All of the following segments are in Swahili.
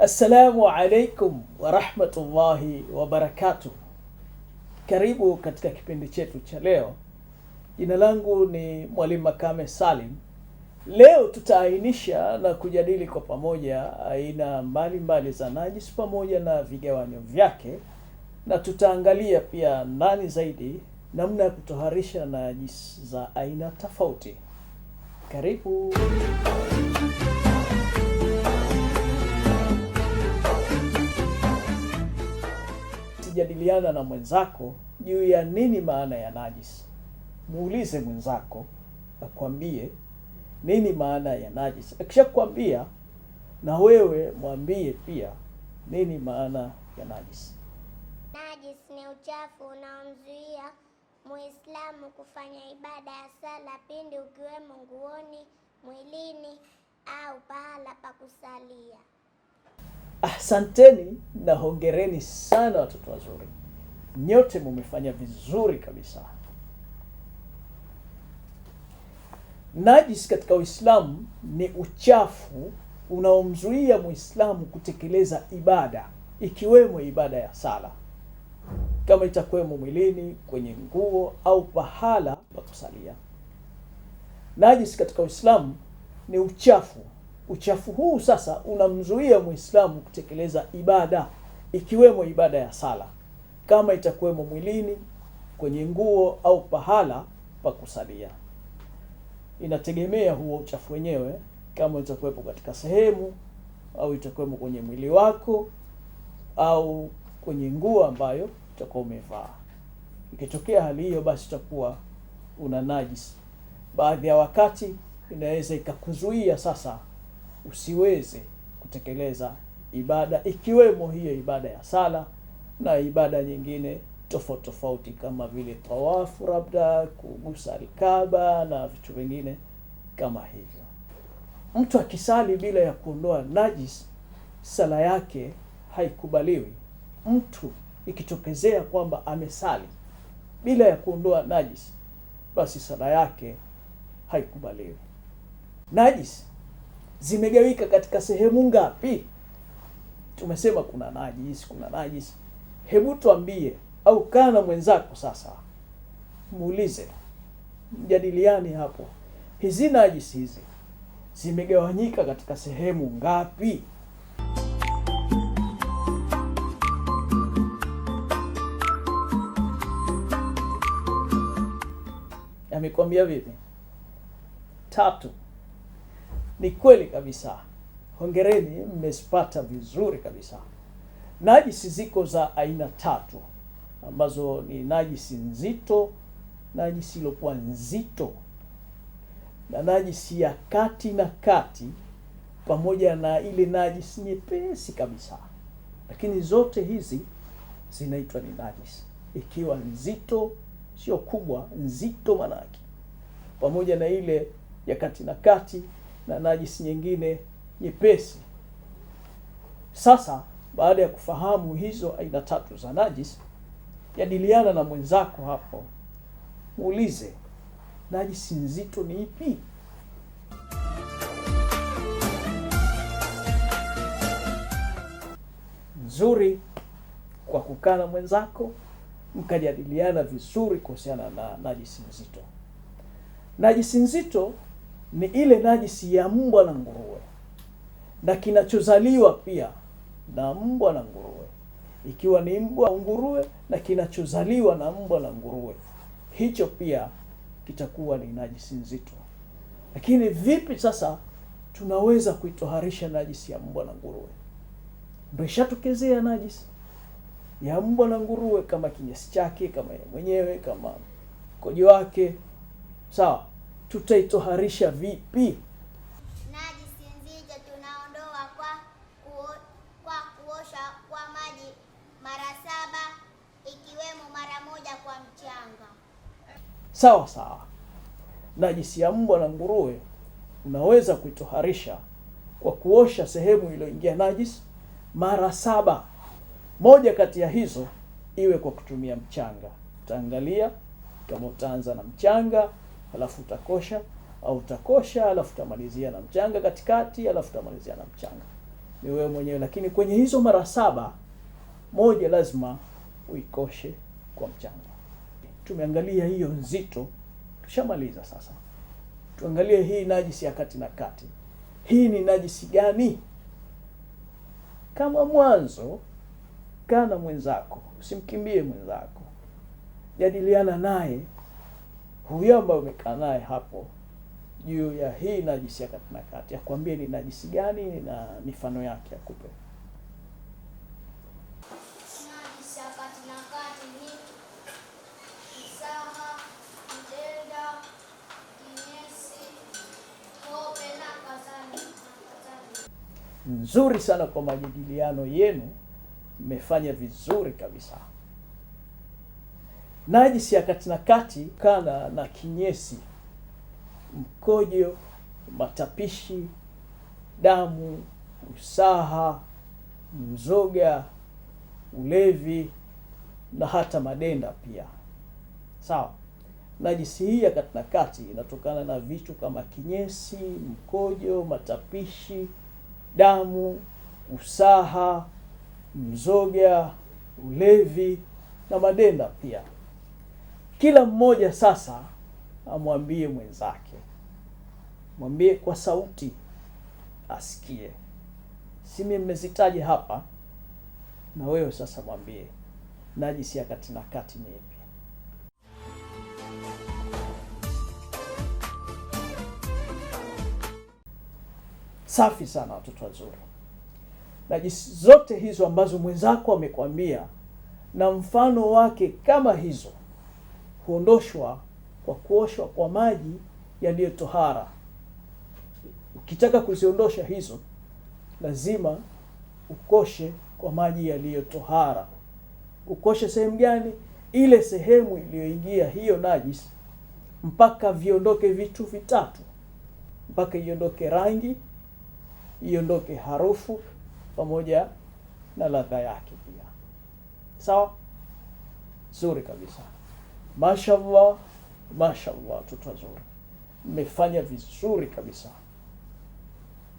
Assalamu alaikum warahmatullahi wabarakatuh. Karibu katika kipindi chetu cha leo. Jina langu ni Mwalimu Makame Salim. Leo tutaainisha na kujadili kwa pamoja aina mbalimbali za najis pamoja na vigawanyo vyake, na tutaangalia pia ndani zaidi namna ya kutoharisha najis za aina tofauti. Karibu. usijadiliana na mwenzako juu ya nini maana ya najis. Muulize mwenzako akwambie nini maana ya najis. Akishakwambia na wewe mwambie pia nini maana ya najis. Najis ni uchafu unaomzuia Muislamu kufanya ibada ya sala pindi ukiwemo nguoni, mwilini au pahala pa kusalia. Asanteni na hongereni sana watoto wazuri, nyote mumefanya vizuri kabisa. Najisi katika Uislamu ni uchafu unaomzuia Muislamu kutekeleza ibada, ikiwemo ibada ya sala, kama itakuwemo mwilini, kwenye nguo au pahala pa kusalia. Najisi katika Uislamu ni uchafu uchafu huu sasa unamzuia Muislamu kutekeleza ibada, ikiwemo ibada ya sala, kama itakuwemo mwilini, kwenye nguo au pahala pa kusalia. Inategemea huo uchafu wenyewe, kama itakuwepo katika sehemu au itakuwemo kwenye mwili wako au kwenye nguo ambayo utakuwa umevaa. Ikitokea hali hiyo, basi utakuwa una najisi. Baadhi ya wakati inaweza ikakuzuia sasa usiweze kutekeleza ibada ikiwemo hiyo ibada ya sala na ibada nyingine tofauti tofauti kama vile tawafu, labda kugusa Alkaba na vitu vingine kama hivyo. Mtu akisali bila ya kuondoa najis, sala yake haikubaliwi. Mtu ikitokezea kwamba amesali bila ya kuondoa najis, basi sala yake haikubaliwi. Najis zimegawika katika sehemu ngapi? Tumesema kuna najisi, kuna najisi. Hebu tuambie, au kaa na mwenzako sasa, muulize, mjadiliani hapo, hizi najisi hizi zimegawanyika katika sehemu ngapi? Amekwambia vipi? Tatu. Ni kweli kabisa, hongereni, mmezipata vizuri kabisa. Najisi ziko za aina tatu ambazo ni najisi nzito, najisi iliyokuwa nzito na najisi ya kati na kati, pamoja na ile najisi nyepesi kabisa. Lakini zote hizi zinaitwa ni najisi, ikiwa nzito, sio kubwa, nzito manake, pamoja na ile ya kati na kati na najisi nyingine nyepesi. Sasa baada ya kufahamu hizo aina tatu za najisi, jadiliana na mwenzako hapo, muulize najisi nzito ni ipi? Nzuri kwa kukaa na mwenzako mkajadiliana vizuri kuhusiana na najisi nzito. Najisi nzito ni ile najisi ya mbwa na nguruwe, na kinachozaliwa pia na mbwa na nguruwe, ikiwa ni mbwa nguruwe, na kinachozaliwa na mbwa na nguruwe, hicho pia kitakuwa ni najisi nzito. Lakini vipi sasa tunaweza kuitoharisha najisi ya mbwa na nguruwe? Ndio ishatokezea najisi ya mbwa na nguruwe, kama kinyesi chake, kama mwenyewe, kama mkojo wake, sawa tutaitoharisha vipi? tunaondoa kwa, kuo, kwa kuosha kwa maji mara saba ikiwemo mara moja kwa mchanga. Sawa sawa. Najisi ya mbwa na nguruwe unaweza kuitoharisha kwa kuosha sehemu iliyoingia najisi mara saba, moja kati ya hizo iwe kwa kutumia mchanga. Utaangalia kama utaanza na mchanga alafu utakosha au utakosha, alafu utamalizia na mchanga katikati, alafu utamalizia na mchanga. Ni wewe mwenyewe, lakini kwenye hizo mara saba, moja lazima uikoshe kwa mchanga. Tumeangalia hiyo nzito, tushamaliza. Sasa tuangalie hii najisi ya kati na kati. Hii ni najisi gani? Kama mwanzo, kana mwenzako, usimkimbie mwenzako, jadiliana naye huyo ambaye umekaa naye hapo juu ya hii najisi ya kati na kati, akwambie ni najisi gani na mifano yake akupe. Nzuri sana kwa majadiliano yenu, mmefanya vizuri kabisa. Najisi ya kati na kati kana na kinyesi, mkojo, matapishi, damu, usaha, mzoga, ulevi na hata madenda pia. Sawa. Najisi hii ya kati na kati inatokana na vitu kama kinyesi, mkojo, matapishi, damu, usaha, mzoga, ulevi na madenda pia. Kila mmoja sasa amwambie mwenzake, mwambie kwa sauti asikie. Simi mmezitaja hapa, na wewe sasa mwambie najisi ya kati na kati ni ipi? Safi sana watoto wazuri. Najisi zote hizo ambazo mwenzako amekwambia na mfano wake kama hizo huondoshwa kwa kuoshwa kwa maji yaliyo tohara. Ukitaka kuziondosha hizo, lazima ukoshe kwa maji yaliyo tohara. Ukoshe sehemu gani? Ile sehemu iliyoingia hiyo najis, mpaka viondoke vitu vitatu, mpaka iondoke rangi, iondoke harufu pamoja na ladha yake pia. Sawa, zuri kabisa. Mashallah, mashallah, watoto wazuri, mmefanya vizuri kabisa.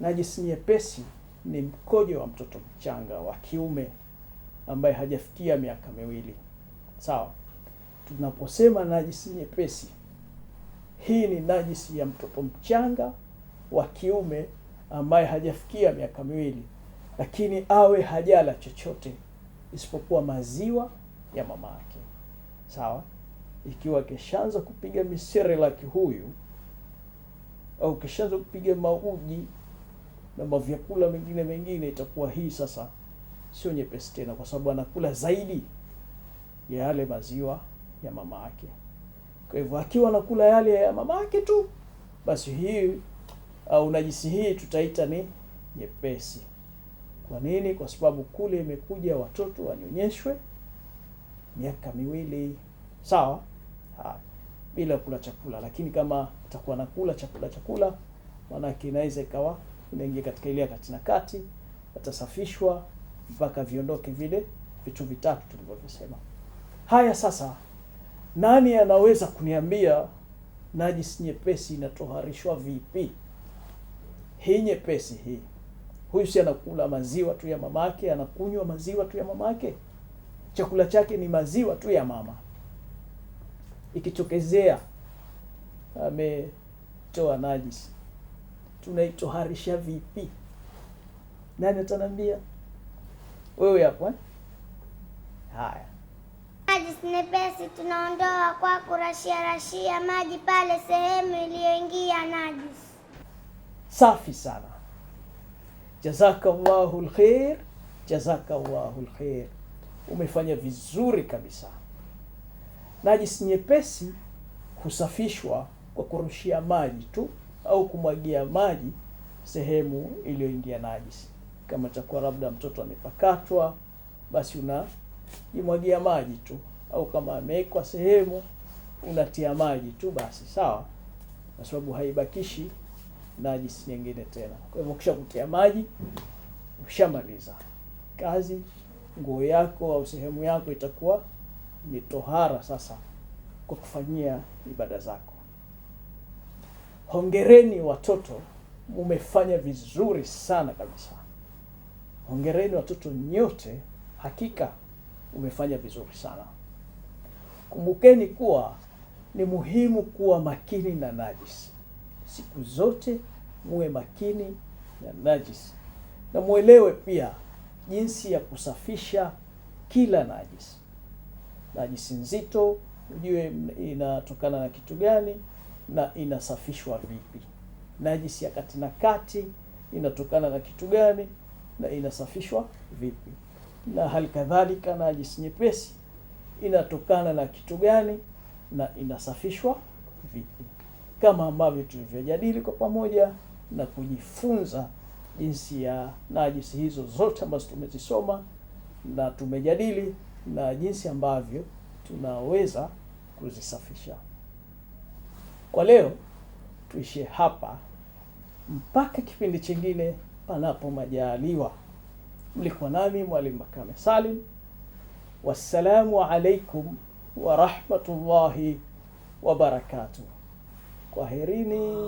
Najisi nyepesi ni mkojo wa mtoto mchanga wa kiume ambaye hajafikia miaka miwili. Sawa, tunaposema najisi nyepesi, hii ni najisi ya mtoto mchanga wa kiume ambaye hajafikia miaka miwili, lakini awe hajala chochote isipokuwa maziwa ya mama yake. Sawa ikiwa akishaanza kupiga misere laki huyu au kishaanza kupiga mauji na mavyakula mengine mengine, itakuwa hii sasa sio nyepesi tena, kwa sababu anakula zaidi ya yale maziwa ya mama yake. Kwa hivyo akiwa anakula yale ya mama yake tu, basi hii au najisi hii tutaita ni nyepesi. Kwa nini? Kwa sababu kule imekuja watoto wanyonyeshwe miaka miwili, sawa. Ah, bila kula chakula. Lakini kama utakuwa nakula chakula chakula, maanake inaweza ikawa inaingia katika ile kati na kati, atasafishwa mpaka viondoke vile vitu vitatu tulivyosema. Haya, sasa nani anaweza kuniambia najisi nyepesi inatoharishwa vipi? Hii nyepesi hii, huyu si anakula maziwa tu ya mamake, anakunywa maziwa tu ya mamake, chakula chake ni maziwa tu ya mama ikitokezea ametoa najisi, tunaitoharisha vipi? Nani atanambia? Wewe hapo. Eh? Haya, najisi nyepesi tunaondoa kwa kurashia rashia maji pale sehemu iliyoingia najisi. Safi sana, jazakallahu lkhair, jazakallahu lkhair. Umefanya vizuri kabisa. Najisi nyepesi husafishwa kwa kurushia maji tu au kumwagia maji sehemu iliyoingia najisi. Kama itakuwa labda mtoto amepakatwa, basi unajimwagia maji tu, au kama amewekwa sehemu unatia maji tu, basi sawa, kwa sababu haibakishi najisi nyingine tena. Kwa hivyo kisha kutia maji, ushamaliza kazi, nguo yako au sehemu yako itakuwa ni tohara sasa kwa kufanyia ibada zako. Hongereni watoto, mumefanya vizuri sana kabisa. Hongereni watoto nyote, hakika umefanya vizuri sana. Kumbukeni kuwa ni muhimu kuwa makini na najisi siku zote, muwe makini na najisi na mwelewe pia jinsi ya kusafisha kila najisi najisi nzito, ujue inatokana na kitu gani na inasafishwa vipi. Najisi ya kati na kati inatokana na kitu gani na inasafishwa vipi, na hali kadhalika najisi nyepesi inatokana na kitu gani na inasafishwa vipi, kama ambavyo tulivyojadili kwa pamoja na kujifunza jinsi ya najisi hizo zote ambazo tumezisoma na tumejadili na jinsi ambavyo tunaweza kuzisafisha. Kwa leo tuishie hapa mpaka kipindi chingine, panapo majaliwa. Mlikuwa nami Mwalimu Makame Salim, wassalamu alaikum wa rahmatullahi wa barakatuh. Kwaherini.